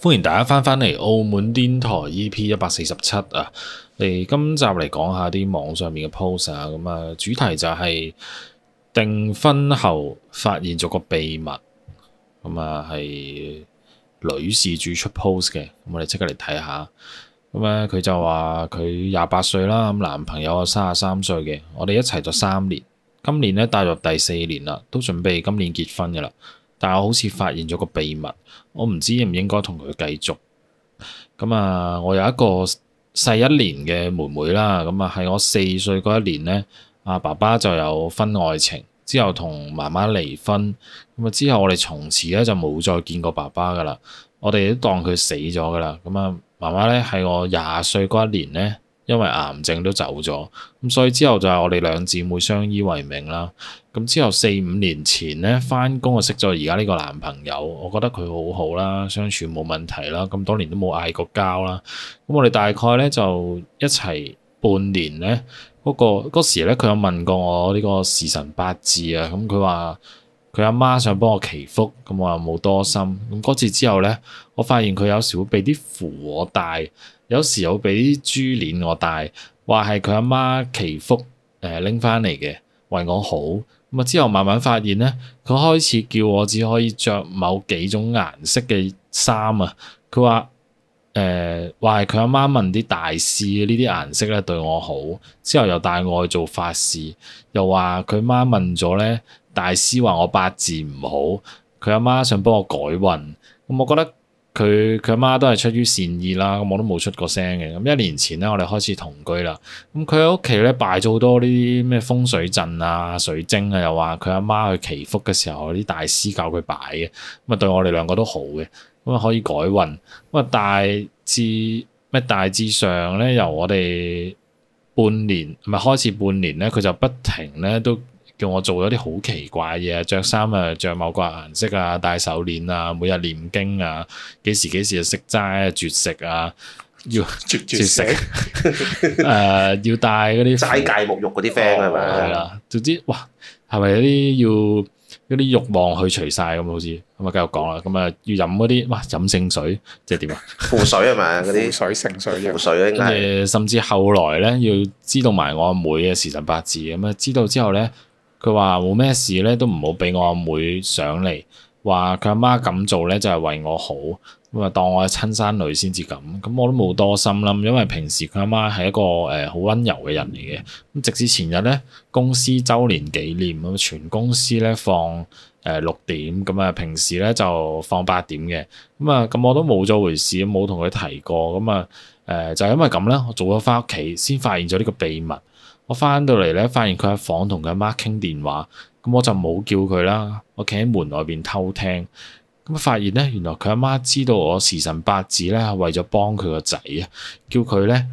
歡迎大家翻返嚟《澳門癲台 EP 一百四十七》啊！嚟今集嚟講下啲網上面嘅 post 咁啊主題就係訂婚後發現咗個秘密，咁啊係女事主出 post 嘅，咁我哋即刻嚟睇下。咁咧佢就話佢廿八歲啦，咁男朋友啊三十三歲嘅，我哋一齊咗三年，今年咧踏入第四年啦，都準備今年結婚噶啦。但係我好似發現咗個秘密，我唔知應唔應該同佢繼續。咁啊，我有一個細一年嘅妹妹啦。咁啊，係我四歲嗰一年咧，阿爸爸就有婚外情，之後同媽媽離婚。咁啊，之後我哋從此咧就冇再見過爸爸噶啦。我哋都當佢死咗噶啦。咁啊，媽媽咧係我廿歲嗰一年咧，因為癌症都走咗，咁所以之後就係我哋兩姊妹相依為命啦。咁之後四五年前咧，返工我識咗而家呢個男朋友，我覺得佢好好啦，相處冇問題啦，咁多年都冇嗌過交啦。咁我哋大概咧就一齊半年咧，嗰、嗰個時咧佢有問過我呢個時辰八字啊，咁佢話佢阿媽想幫我祈福，咁我又冇多心。咁嗰次之後咧，我發現佢有時會俾啲符我帶。有時有畀啲珠鏈我戴，話係佢阿媽祈福誒拎翻嚟嘅，為我好。咁啊之後慢慢發現咧，佢開始叫我只可以着某幾種顏色嘅衫啊。佢話誒話係佢阿媽問啲大師，呢啲顏色咧對我好。之後又帶我去做法事，又話佢媽問咗咧，大師話我八字唔好，佢阿媽想幫我改運。咁我覺得。佢佢阿媽都係出於善意啦，咁我都冇出過聲嘅。咁一年前咧，我哋開始同居啦。咁佢喺屋企咧擺咗好多呢啲咩風水陣啊、水晶啊，又話佢阿媽去祈福嘅時候，啲大師教佢擺嘅。咁啊，對我哋兩個都好嘅，咁啊可以改運。咁啊，大致咩大致上咧，由我哋半年唔係開始半年咧，佢就不停咧都，叫我做咗啲好奇怪嘢，着衫啊，着某個顏色啊，戴手鏈啊，每日念經啊，幾時幾時啊，食齋啊，絕食啊，要絕，絕絕食、 呃，誒要帶嗰啲齋戒沐浴嗰啲 friend 係咪？係啦，哦吧，總之哇，係咪有啲要嗰啲慾望去除晒咁好似咁啊？繼續講啦，咁啊要飲嗰啲哇，飲聖水即係點啊？湖水係嘛？嗰啲水聖水湖水應該誒，甚至後來咧要知道埋我阿妹嘅時辰八字咁啊，知道之後咧。佢話冇咩事咧，都唔好俾我阿妹上嚟。話佢阿媽咁做咧，就係為我好，咁啊當我係親生女先至咁。咁我都冇多心諗，因為平時佢阿媽係一個誒好溫柔嘅人嚟嘅。咁直至前日咧，公司周年紀念咁，全公司咧放誒六點，咁啊平時咧就放八點嘅。咁啊咁我都冇咗回事，冇同佢提過。咁啊誒就係因為咁啦，我做咗翻屋企先發現咗呢個秘密。我翻到嚟咧，發現佢喺房同佢阿媽傾電話，咁我就冇叫佢啦。我企喺門外邊偷聽，咁發現咧，原來佢阿媽知道我時辰八字咧，係為咗幫佢個仔啊，叫佢咧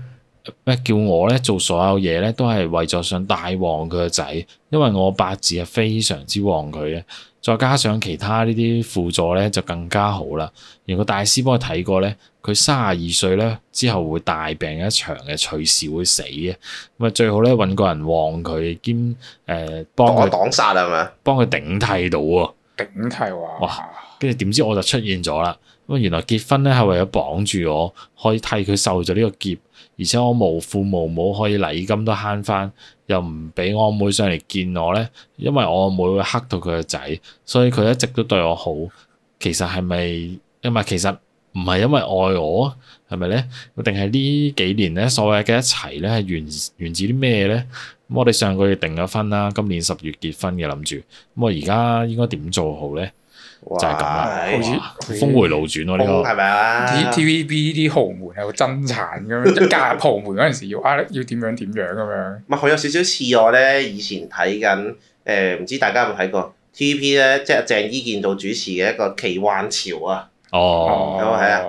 咩叫我咧做所有嘢咧，都係為咗想帶旺佢個仔，因為我八字係非常之旺佢嘅。再加上其他呢啲輔助咧，就更加好啦。而個大師幫佢睇過咧，佢三十二歲咧，之後會大病一場嘅，隨時會死嘅。咁啊，最好咧，揾個人旺佢兼誒、呃、幫佢擋殺係咪啊？幫佢頂替到喎，頂替哇！跟住點知我就出現咗啦。咁啊，原來結婚咧係為咗綁住我，可以替佢受咗呢個劫。而且我無父無母，可以禮金都慳翻，又唔畀我妹上嚟見我咧，因為我妹會黑到佢個仔，所以佢一直都對我好。其實係咪？因為其實唔係因為愛我，係咪咧？定係呢幾年咧所謂嘅一齊咧，係源源自啲咩咧？咁我哋上個月定咗婚啦，今年十月結婚嘅諗住。咁我而家應該點做好咧？就係咁啦，好似峰迴路轉咯，呢個係咪啊？T V B 啲豪門係好爭產咁樣，加入豪門嗰陣時要啊要點樣點樣咁樣。唔係佢有少少似我咧，以前睇緊誒，唔知大家有冇睇過 T V B 咧，即係鄭伊健做主持嘅一個奇幻潮啊。哦，有冇睇啊，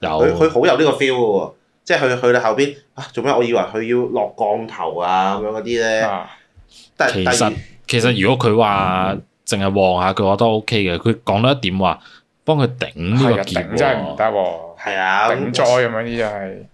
有。佢佢好有呢個 feel 喎，即係去去到後邊啊，做咩？我以為佢要落降頭啊咁樣嗰啲咧。但係其實其實如果佢話。淨係旺下佢我都 O K 嘅，佢講到一點話，幫佢頂呢個結，啊、頂真係唔得，係啊，頂災咁樣呢就係。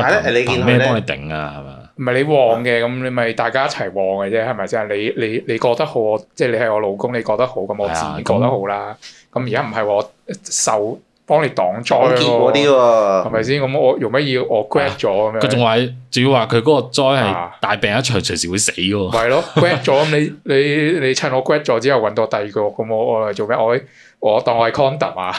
但係咧，你見咩幫你頂啊？係嘛？唔係你旺嘅，咁，啊、你咪大家一齊旺嘅啫，係咪先？你你你覺得好，即係你係我老公，你覺得好，咁我自然覺得好啦。咁而家唔係我受。幫你擋災喎，擋劫嗰啲喎，係咪先？咁我用乜嘢？我 grad 咗咁樣，佢仲話，仲要話佢嗰個災係大病一場，啊、隨時會死喎。係咯，grad 咗咁你你你，你趁我 grad 咗之後揾到第二個咁我我嚟做咩？我我當我係 counter 啊。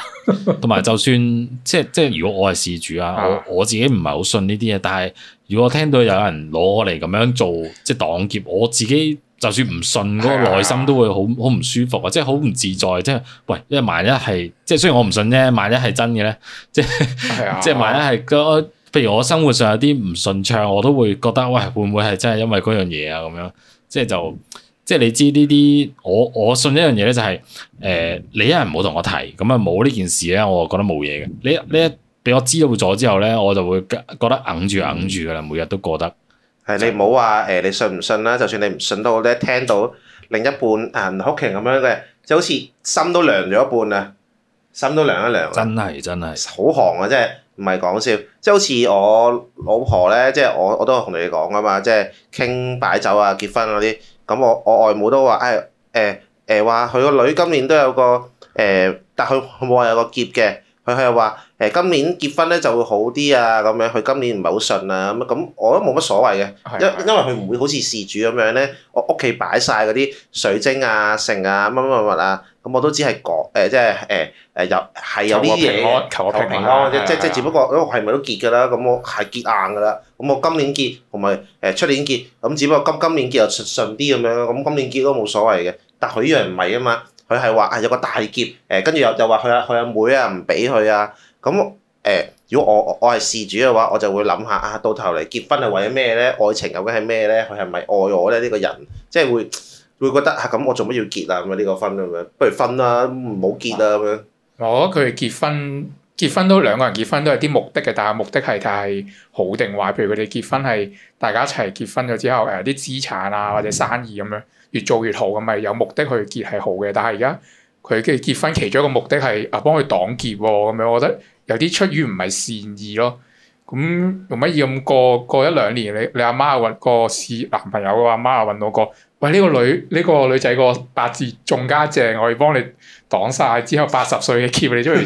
同埋 就算即係即係，如果我係事主啊，我我自己唔係好信呢啲嘢，但係如果聽到有人攞嚟咁樣做，即係擋劫，我自己。就算唔信嗰個內心都會好好唔舒服啊！即係好唔自在，即係喂，因為萬一係即係雖然我唔信啫，萬一係真嘅咧，即係 即係萬一係嗰，譬如我生活上有啲唔順暢，我都會覺得喂，會唔會係真係因為嗰樣嘢啊？咁樣即係就即係你知呢啲，我我信一樣嘢咧，就係誒你一係唔好同我提，咁啊冇呢件事咧，我就覺得冇嘢嘅。你呢俾我知道咗之後咧，我就會覺得硬住硬住噶啦，嗯、每日都過得。誒你唔好話誒你信唔信啦，就算你唔信到咧，聽到另一半誒屋企人咁樣嘅，就好似心都涼咗一半啊，心都涼一涼啊！真係真係好寒啊，即係唔係講笑，即係好似我老婆咧，即係我我都同你講噶嘛，即係傾擺酒啊、結婚嗰啲，咁我我外母都話誒誒誒話佢個女今年都有個誒、呃，但佢佢冇話有個劫嘅，佢佢又話。誒今年結婚咧就會好啲啊，咁樣佢今年唔係好順啊，咁咁我都冇乜所謂嘅，因的因為佢唔會好似事主咁樣咧，我屋企擺晒嗰啲水晶啊、聖啊、乜乜乜乜啊，咁我都只係講誒，即係誒誒有係有啲嘢求我平安求我平安，即係即係只不過，哦係咪都結㗎啦？咁我係結硬㗎啦，咁我今年結同埋誒出年結，咁只不過今年今年結又順順啲咁樣，咁今年結都冇所謂嘅，但佢一樣唔係啊嘛。佢係話係有個大劫，誒跟住又又話佢阿佢阿妹啊唔俾佢啊，咁誒、欸、如果我我我係事主嘅話，我就會諗下啊，到頭嚟結婚係為咗咩咧？愛情究竟係咩咧？佢係咪愛我咧？呢、呢個人即係會會覺得嚇咁、啊、我做乜要結啊？咁、這、呢個婚咁樣，不如分啦，唔好結啊咁樣。我覺得佢哋結婚結婚都兩個人結婚都係啲目的嘅，但係目的係睇係好定壞。譬如佢哋結婚係大家一齊結婚咗之後，誒、呃、啲資產啊或者生意咁樣、嗯。越做越好，咁咪有目的去結係好嘅，但係而家佢嘅結婚其中一個目的係啊幫佢擋劫咁樣，我覺得有啲出於唔係善意咯。咁用乜嘢咁過過一兩年，你你阿媽揾個師男朋友，阿媽啊揾到個，喂呢、這個女呢、這個女仔個八字仲加正，我要幫你擋晒之後八十歲嘅劫，你終於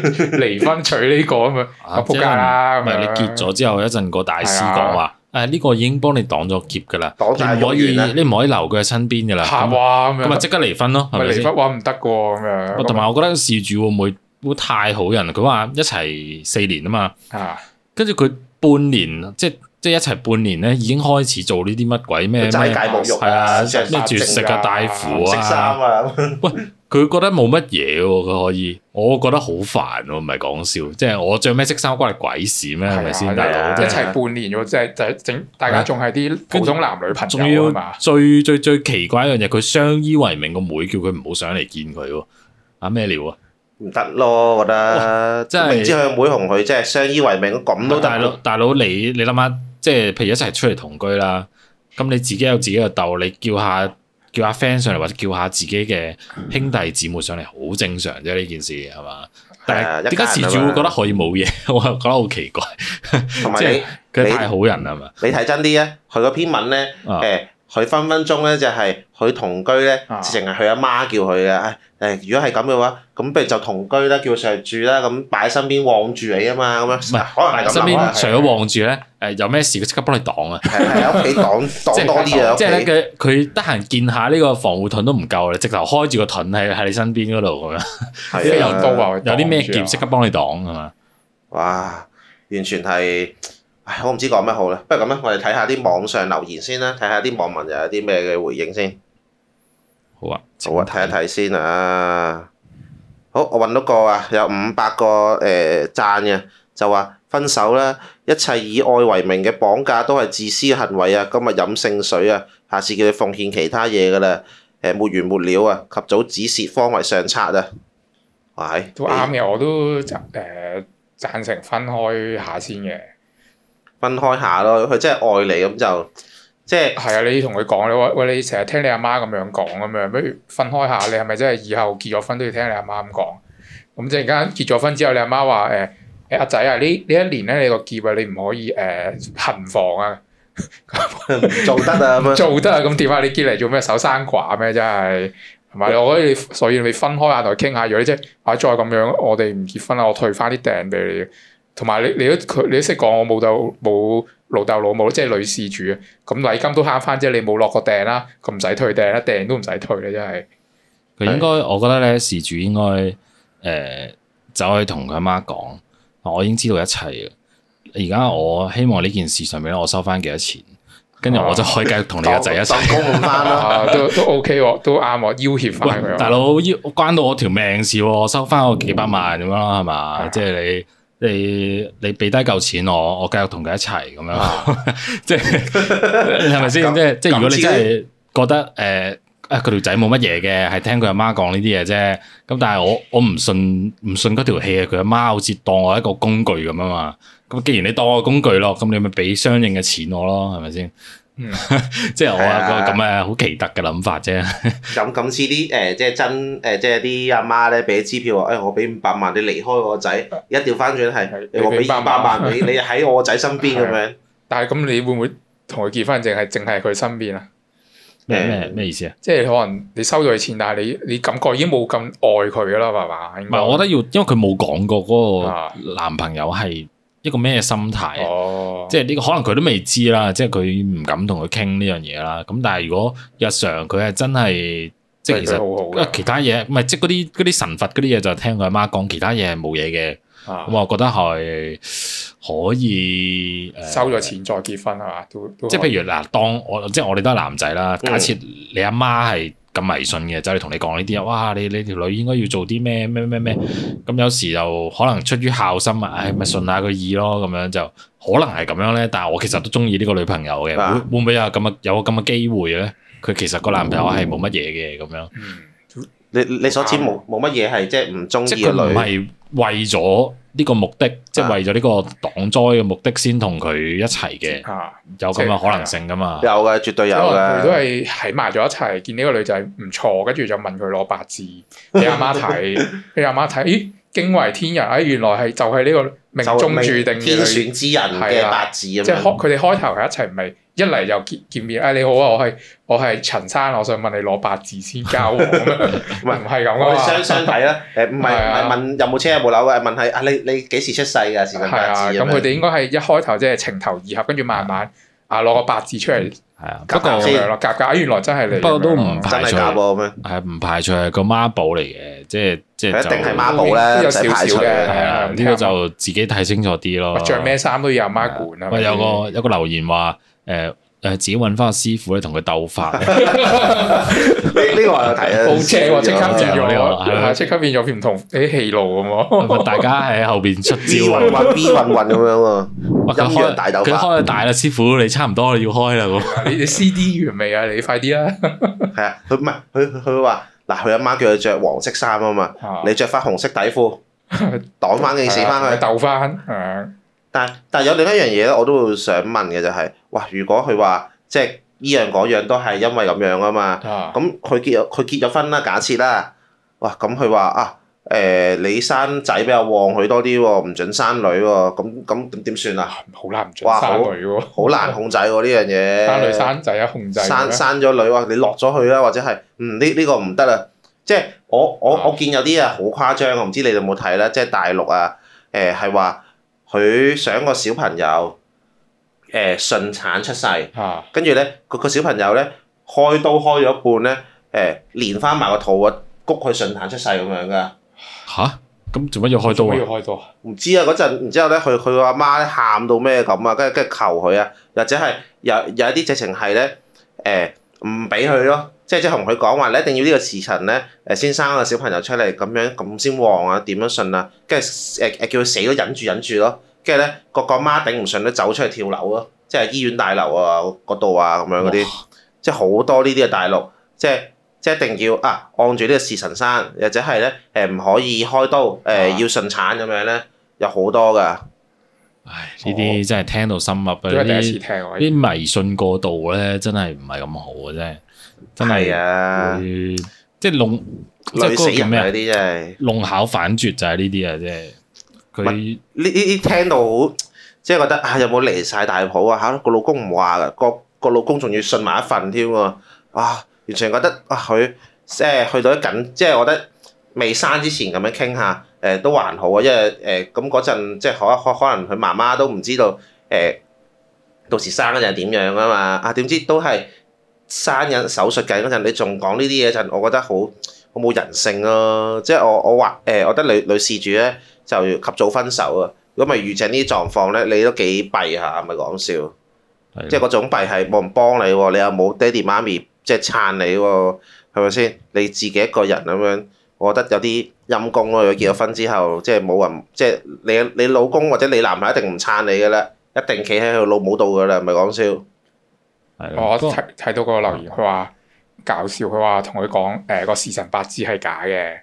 離婚娶呢、這個 啊嘛，仆街啦！唔係你結咗之後一陣個大師講話、啊。誒呢、啊呢個已經幫你擋咗劫噶啦，你唔可以，你唔可以留佢喺身邊噶啦。哇、啊！咁咪即刻離婚咯，係咪先？離婚揾唔得過咁樣。同埋我覺得事主會唔會會太好人？佢話一齊四年啊嘛，跟住佢半年，即即一齊半年咧已經開始做呢啲乜鬼咩咩？齋戒沐浴啊，咩絕食嘅大褲啊，食衫啊，喂、啊。啊啊啊啊啊啊啊佢覺得冇乜嘢喎，佢可以，我覺得好煩喎、啊，唔係講笑，即係我着咩色衫關你鬼事咩？係咪先？大佬一齊半年咗，即係即係整，大家仲係啲普通男女朋友後最最最，最奇怪一樣嘢，佢相依為命個妹，妹叫佢唔好上嚟見佢喎，啊咩料啊？唔得咯，我覺得即係明知佢個妹同佢即係相依為命都、啊、大佬大佬你你諗下，即係譬如一齊出嚟同居啦，咁你自己有自己嘅竇，你叫下？叫阿 friend 上嚟或者叫下自己嘅兄弟姊妹上嚟，好、嗯、正常啫，呢件事係嘛？但係點解事主覺得可以冇嘢，的 我覺得好奇怪。同埋你你 太好人係嘛？你睇吧真啲啊，佢個篇文咧誒。佢分分鐘咧就係、是、佢同居咧，直情係佢阿媽叫佢嘅。誒誒、啊哎，如果係咁嘅話，咁不如就同居是啦，叫佢上嚟住啦，咁擺喺身邊望住你啊嘛，咁樣的。唔係，可能係咁。身邊除咗望住咧，誒有咩事佢即刻幫你擋啊。係係，喺屋企擋擋多啲啊。即係佢佢得閒見下呢個防護盾都唔夠啦，直頭開住個盾喺喺你身邊嗰度咁樣。飛刀的啊，有啲咩劍即刻幫你擋啊嘛。哇！完全係～唉，我唔知講咩好啦，不如咁啦，我哋睇下啲網上留言先啦，睇下啲網民又有啲咩嘅回應先。好啊，好啊，睇一睇先啊。好，我揾到個啊，有五百個誒讚嘅，就話分手啦，一切以愛為名嘅綁架都係自私行為啊！今日飲聖水啊，下次叫佢奉獻其他嘢㗎喇。誒、呃，沒完沒了啊！及早止蝕方為上策啊。唉、哎，都啱嘅，我都誒、呃、贊成分開下先嘅。分開下咯，佢真係愛你咁就即係係啊！你同佢講，你話喂喂，你成日聽你阿媽咁樣講咁樣，不如分開下，你係咪真係以後結咗婚都要聽你阿媽咁講？咁即係而家結咗婚之後，你阿媽話誒阿仔啊，呢、欸、呢、欸、一,一年咧你個結啊，你唔可以誒、呃、行房啊， 做得啊了， 做得啊咁點啊？你結嚟做咩守生寡咩？真係，同埋我覺得你，所以你分開下同佢傾下，如果、就係，或、啊、者再咁樣，我哋唔結婚啦，我退翻啲訂俾你。同埋你你都佢你都識講，我冇豆冇老豆老母，即係女事主啊！咁禮金都慳翻，即係你冇落個訂啦，咁唔使退訂啦，訂都唔使退啦，真係。佢應該，我覺得咧，事主應該誒、呃、走去同佢阿媽講，我已經知道一切嘅，而家我希望呢件事上面咧，我收翻幾多錢，跟住我就可以繼續同你個仔一齊收、啊 啊、都都 OK 喎，都啱喎，要挾翻大佬要關到我條命事，我收翻我幾百萬咁樣啦，係嘛、嗯？即係、就是、你。你你俾低嚿錢我，我繼續同佢一齊咁樣，即係係咪先？即係即係如果你真係覺得誒誒佢條仔冇乜嘢嘅，係聽佢阿媽講呢啲嘢啫。咁但係我我唔信唔信嗰條戲，佢阿媽好似當我一個工具咁啊嘛。咁既然你當我工具咯，咁你咪俾相應嘅錢我咯，係咪先？ 即係我啊個咁嘅好奇特嘅諗法啫 。咁咁似啲誒，即係真誒、呃，即係啲阿媽咧俾支票啊！誒、哎，我俾五百萬你離開我個仔，的而家調翻轉係你俾一百萬你，你喺我個仔身邊咁樣。但係咁你會唔會同佢結婚？淨係淨係佢身邊啊？咩咩咩意思啊？嗯、即係可能你收到錢，但係你你感覺已經冇咁愛佢啦，係爸唔係，我覺得要因為佢冇講過嗰個男朋友係。 一個咩心態？Oh. 即係呢個可能佢都未知啦，即係佢唔敢同佢傾呢樣嘢啦。咁但係如果日常佢係真係，即係是其實，因為其他嘢唔係即係嗰啲啲神佛嗰啲嘢就聽佢阿媽講，其他嘢係冇嘢嘅。咁、啊、我覺得係可以，收咗錢再結婚係嘛？即係譬如嗱，當我即係我哋都係男仔啦，假設你阿媽係。咁迷信嘅，就係同你講呢啲啊！哇，你你條女應該要做啲咩咩咩咩？咁有時就可能出於孝心啊，誒咪信下佢意咯，咁樣就可能係咁樣咧。但係我其實都中意呢個女朋友嘅，會唔會有咁嘅有咁嘅機會咧？佢其實個男朋友係冇乜嘢嘅咁樣。你你所指冇冇乜嘢係即係唔中意呢個女？即係唔係為咗呢個目的，啊、即係為咗呢個擋災嘅目的先同佢一齊嘅。嚇，有咁嘅可能性㗎嘛？有嘅、啊，絕對有嘅。因為都係喺埋咗一齊，見呢個女仔唔錯，跟住就問佢攞八字俾阿媽睇，俾阿媽睇。咦？驚為天人啊！原來係就係呢個命中注定嘅天選之人嘅八字咁樣。即係開佢哋開頭係一齊，唔係一嚟就見見面。哎，你好啊，我係我係陳生，我想問你攞八字先交往，唔係唔係咁啊。相相睇啦。唔係唔係問有冇車 有冇樓嘅？問係啊，你你幾時出世㗎？係啊，八咁佢哋應該係一開頭即係情投意合，跟住慢慢啊攞個八字出嚟。嗯係啊，不過夾架原來真係你，不過都唔排除係唔排除係個孖寶嚟嘅，即係即係一定係孖寶咧，有少少嘅，呢個就自己睇清楚啲咯。着咩衫都要阿媽管啊。咪、啊、有個有個留言話誒。呃誒，自己揾翻 個、哦、師傅咧，同佢鬥法。呢呢個係好正喎，即刻變咗，係啊，即刻變咗唔同，啲氣路咁咯。 大家喺後邊出招，運運混混咁樣啊。佢哇開，開大大啦，師傅，你差唔多要開啦。 你 C D 完未啊？你快啲啦。係 啊， 佢唔係，佢佢話嗱，佢阿媽叫佢着黃色衫啊嘛，你着翻紅色底褲擋翻佢，死翻佢，鬥翻。 但係但係有另一樣嘢咧，我都會想問嘅就係、是，哇！如果佢話即係呢樣嗰樣都係因為咁樣啊嘛，咁佢結咗佢結咗婚啦，假設啦，哇！咁佢話啊，誒、呃，你生仔比較旺，佢多啲喎，唔准生女喎，咁咁點算啊？好難唔準生女喎，好難控制喎呢樣嘢。 生女生仔有控制咩？生生咗女喎，你落咗去啦，或者係嗯呢呢、這個唔得啦，即係我我、啊啊、我見有啲啊好誇張我唔知你哋有冇睇咧？即係大陸啊，誒係話。佢想個小朋友誒、呃、順產出世，跟住咧，個個小朋友咧開刀開咗一半咧誒、呃、連翻埋個肚啊，谷佢順產出世咁樣噶吓？咁做乜要開刀啊？要開刀啊？唔知啊，嗰陣然之後咧，佢佢阿媽咧喊到咩咁啊，跟住跟住求佢啊，或者係有有一啲直情係咧誒唔俾佢咯。即係即係同佢講話，你一定要呢個時辰咧，誒先生個小朋友出嚟，咁樣咁先旺啊？點樣信啊？跟住誒誒，叫佢死都忍住忍住咯、啊。跟住咧，個個媽頂唔順都走出去跳樓咯、啊，即係醫院大樓啊嗰度啊咁樣嗰啲哇，即係好多呢啲嘅大陸，即係即係一定要啊按住呢個時辰生，或者係咧誒唔可以開刀誒、呃啊、要順產咁樣咧，有好多噶。唉，呢啲真係聽到心黑啊！呢啲、哦、第一次聽些迷信過度咧，真係唔係咁好嘅，啫。真係啊！即係弄即係嗰個叫咩，啲真係弄巧反拙就係呢啲啊！即係佢呢呢呢聽到即係覺得啊，有冇離晒大譜啊？吓、啊，個老公唔話噶，個個老公仲要信埋一份添、啊、喎、啊！完全覺得哇，佢即係去到一緊，即係我覺得未生之前咁樣傾下，誒、欸、都還好啊，因為誒咁嗰陣即係可可可能佢媽媽都唔知道誒、欸，到時生嗰陣點樣啊嘛？啊點知都係。生人手術緊嗰陣，你仲講呢啲嘢陣，我覺得好好冇人性咯、啊。即係我我話誒、呃，我覺得女女事主咧就要及早分手啊。如果咪係遇上啲呢狀況咧，你都幾弊下，係咪講笑？是的 即係嗰種弊係冇人幫你喎、啊，你又冇爹哋媽咪即係撐你喎、啊，係咪先？你自己一個人咁樣，我覺得有啲陰功咯、啊。如果結咗婚之後，即係冇人，即係你你老公或者你男朋友一定唔撐你噶啦，一定企喺佢老母度噶啦，係咪講笑？我睇睇到個留言，佢話搞笑，佢話同佢講誒個時辰八字係假嘅，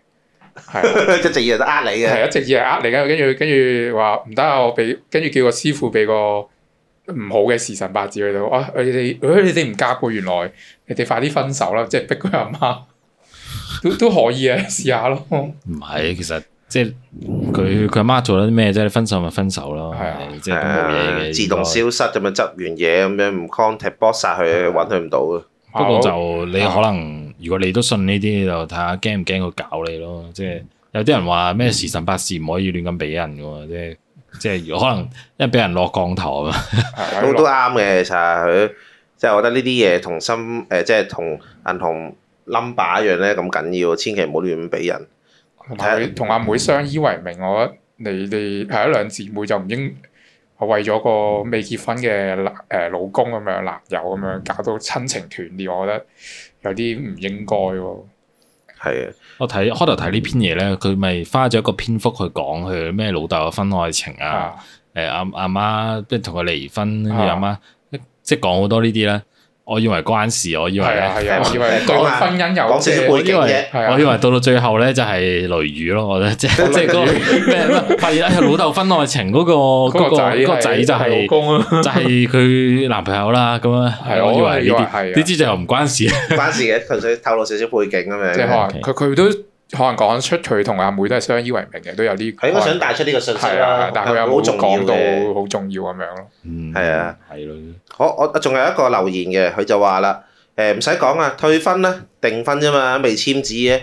係 一直以嚟都呃你嘅，係一直以嚟呃你嘅，跟住跟住話唔得啊，我俾跟住叫個師傅俾個唔好嘅時辰八字佢度，啊你哋、呃、你哋唔夾嘅，原來你哋快啲分手啦，即係逼佢阿媽，都都可以嘅，試下咯。 唔係其實。即係佢佢阿媽做咗啲咩即係？分手咪分手咯，係、啊、即係都冇嘢嘅。自動消失咁樣執完嘢咁樣，唔 contact box，佢揾佢唔到嘅。不過就你可能，如果你都信呢啲，就睇下驚唔驚佢搞你咯。即係有啲人話咩時辰八字唔可以亂咁俾人嘅喎，即係即係如果可能因為俾人落降頭啊 都。嘛，都啱嘅，其實佢即係我覺得呢啲嘢同心誒、呃，即係同銀行 number 一樣咧，咁緊要，千祈唔好亂咁俾人。同佢同阿妹相依為命，我覺得你哋係一兩姊妹就唔應我為咗個未結婚嘅誒老公咁樣男友咁樣，搞到親情斷裂，我覺得有啲唔應該喎。係啊，我睇開頭睇呢篇嘢咧，佢咪花咗一個篇幅去講佢咩老豆嘅婚外情啊，誒阿阿媽即係同佢離婚，阿媽、啊啊、即係講好多呢啲咧。我以為關事，我以為啦，我以為講婚姻又有少少背景嘅，我以為到到最後咧就係雷雨咯，我覺得即係即係嗰個，發現佢老豆婚外情嗰個嗰個仔就係老公啊，就係佢男朋友啦，咁樣係，我以為呢啲係，呢啲就又唔關事，關事嘅純粹透露少少背景咁樣，即係話佢佢都。可能講出佢同阿妹都係相依為命嘅，都有啲係應該想帶出呢個信息啦。係啊，但係佢有冇講到好重要咁樣咯？係啊，係咯。好，我仲有一個留言嘅，佢就話啦，誒唔使講啊，退婚啦，訂婚啫嘛，未簽字嘅。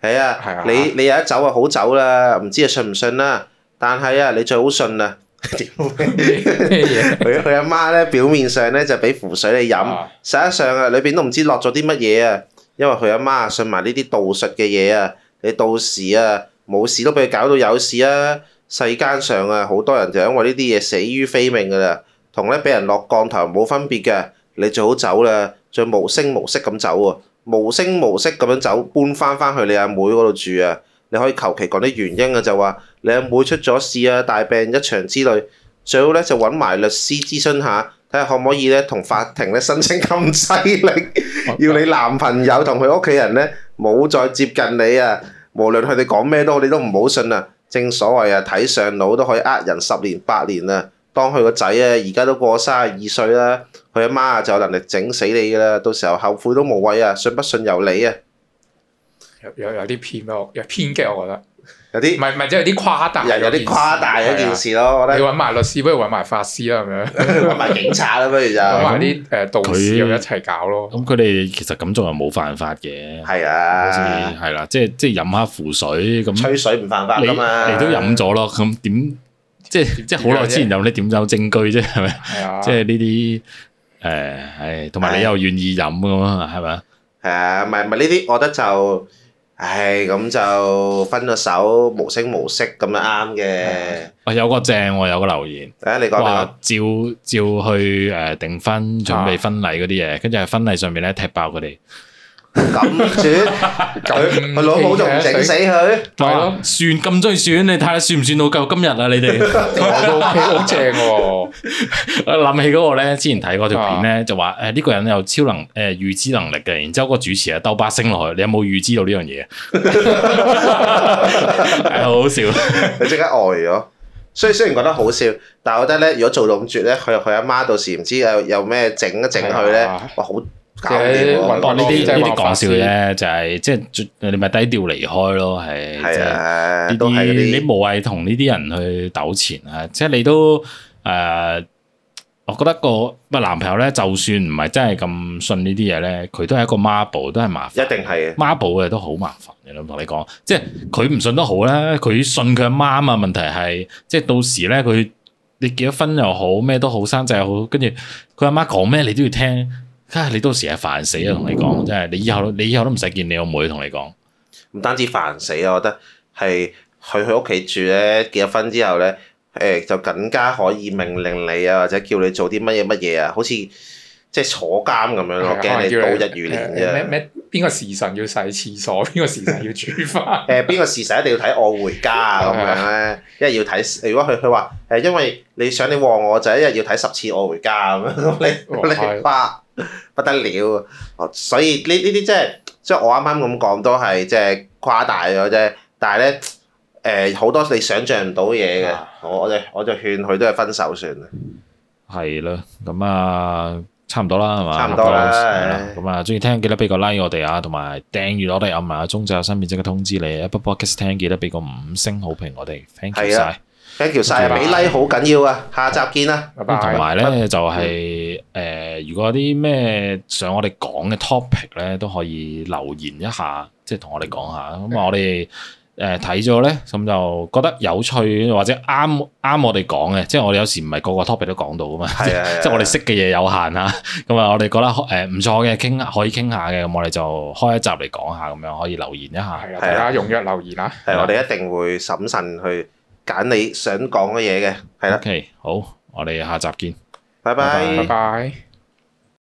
係啊，你你有得走啊，好走啦，唔知啊信唔信啦？但係啊，你最好信啊。點會？佢佢阿媽咧，表面上咧就俾符水你飲，實際上啊，裏邊都唔知落咗啲乜嘢啊。因為佢阿媽信埋呢啲道術嘅嘢啊。你到時啊，冇事都俾佢搞到有事啊！世間上啊，好多人就因為呢啲嘢死於非命噶啦，同咧俾人落降頭冇分別嘅。你最好走啦，最無聲無息咁走喎、啊，無聲無息咁樣走，搬翻翻去你阿妹嗰度住啊！你可以求其講啲原因啊，就話你阿妹出咗事啊，大病一場之類。最好咧就揾埋律師諮詢下，睇下可唔可以咧同法庭咧申請咁犀利， 要你男朋友同佢屋企人咧冇再接近你啊！無論佢哋講咩都好，你都唔好信啊！正所謂啊，睇上腦都可以呃人十年八年啊！當佢個仔啊，而家都過卅二歲啦，佢阿媽就有能力整死你噶啦！到時候後悔都無謂啊！信不信由你啊！有有有啲偏咯，有，有偏激，我覺得。有啲唔係唔係即係有啲誇大，有有啲誇大嗰件事咯。我覺得你揾埋律師，不如揾埋法師啦，咁樣揾埋警察啦，不如就揾埋啲誒道士，佢一齊搞咯。咁佢哋其實咁做又冇犯法嘅，係啊，係啦，即係即係飲下符水咁，吹水唔犯法㗎嘛，你都飲咗咯，咁點即係即係好耐之前飲，你點有證據啫，係咪？即係呢啲誒，唉，同埋你又願意飲咁啊，係咪啊？係啊，唔係係呢啲，我覺得就。唉，咁就分咗手，無聲無息咁樣啱嘅。我有個正，我有個留言。啊，你講啦，照照去誒訂、呃、婚，準備婚禮嗰啲嘢，跟住喺婚禮上面咧踢爆佢哋。咁住，佢老母仲唔整死佢，係咯、呃啊？算咁中意算，你睇下算唔算到夠今日啊？你哋好正，我諗起嗰個咧，之前睇嗰條片咧，就話誒呢個人有超能誒預知能力嘅，然之後個主持啊兜巴星落去，你有冇預知到呢樣嘢？好好笑，你即刻呆咗。所以雖然覺得好笑，但係我覺得咧，如果做到咁絕咧，佢佢阿媽到時唔知有有咩整一整佢咧，哇好！說即係揾呢啲呢啲講笑啫，就係即係你咪低調離開咯，係。係啊，都係你無謂同呢啲人去糾纏啊！即係你都誒、呃，我覺得個咪男朋友咧，就算唔係真係咁信呢啲嘢咧，佢都係一個媽寶，都係麻煩。一定係啊！媽寶嘅都好麻煩嘅，我同你講，即係佢唔信都好咧，佢信佢阿媽啊嘛。問題係，即係到時咧，佢你結咗婚又好，咩都好，生仔又好，跟住佢阿媽講咩，你都要聽。真係你到時係煩死啊！同你，你，你講，真係你以後你以後都唔使見你阿妹同你講。唔單止煩死啊，我覺得係佢去屋企住咧，結咗婚之後咧，誒、哎、就更加可以命令你啊，或者叫你做啲乜嘢乜嘢啊，好似即係坐監咁樣咯，驚、嗯、你度日如年，嗯。咩咩邊個時辰要洗廁所？邊個時辰要煮飯？誒邊、嗯呃、個時辰一定要睇《我回家》啊咁樣咧？ 因為要睇，如果佢佢話誒，因為你想、啊啊、你和我，就一日要睇十次《我回家》咁 樣樂，咁你你發。 不得了，所以呢呢啲即係，即係、就是、我啱啱咁講都係即係誇大咗啫。但係咧，誒、呃、好多你想象唔到嘢嘅，我哋我就勸佢都係分手算啦。係啦，咁 啊， 差唔多啦，係嘛？差唔多啦，咁啊，中意、嗯、聽記得俾個 like 我哋啊，同埋訂閱我哋暗埋鐘就有新片即刻通知你。一不不 miss 聽記得俾個五星好評我哋，thank you 曬。謝謝俾條細俾拉，好緊要啊！下集見啦，拜拜，同埋咧就係誒，如果有啲咩想我哋講嘅 topic 咧，都可以留言一下，即係同我哋講下。咁我哋誒睇咗咧，咁就覺得有趣或者啱啱我哋講嘅，即係我哋有時唔係個個 topic 都講到噶嘛，即係我哋識嘅嘢有限啊。咁啊，我哋覺得誒唔錯嘅，傾可以傾下嘅，咁我哋就開一集嚟講下，咁樣可以留言一下。係啊，係啊，大家踊躍留言啦！係，我哋一定會審慎去。揀你想講嘅嘢嘅，係啦。OK，好，我哋下集見。拜拜，拜拜。